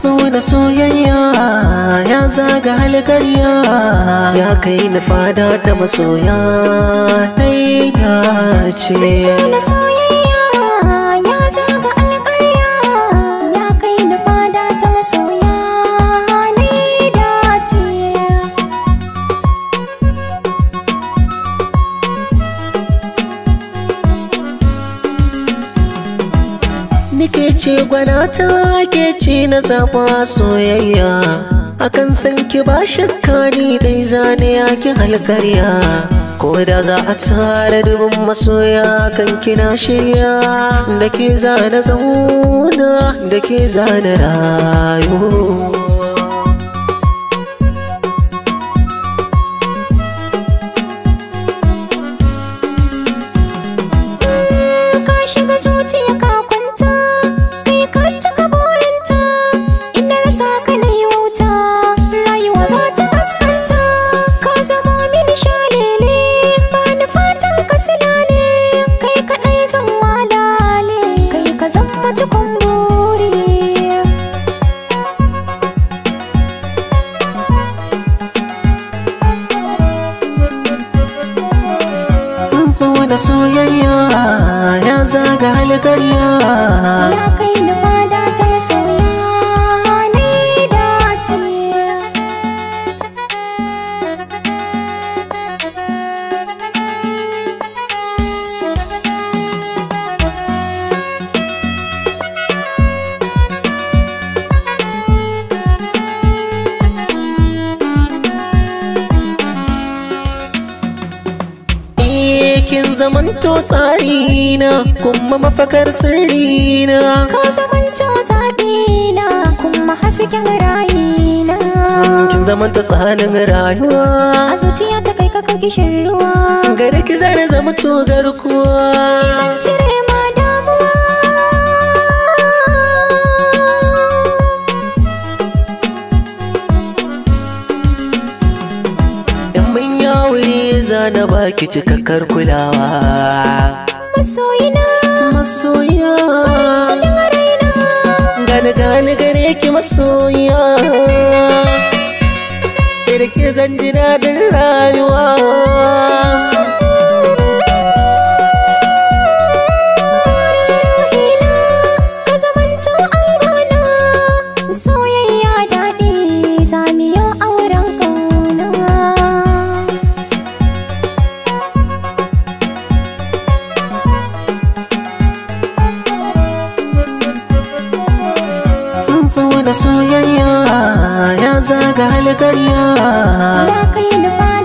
so da soyayya ya zaga halkarya ya kai na fada ta masoya na ce. Nike ce gwanata ke ce na zaba soyayya Akan san ki ba shakka ni dai zane ya ki halkarya Ko da za a tara dubin masoya kan kina shirya Da ke zane zauna da ke zane rayu Sun zo da soyayya ya zaga halgarya ya kai zamanto tsarina kuma mafakar sirrina ka zamanto zaɓina kuma hasken rayina kin zamanta tsanin ranuwa. a zuciya ta kai ka ruwa Gari ki zane zama to garkuwa zan cire cika kar kulawa masoyina masoyiya gani gani gare ki masoyiya sai da ke zan ji rayuwa sun so da soyayya ya zaga halgarya ya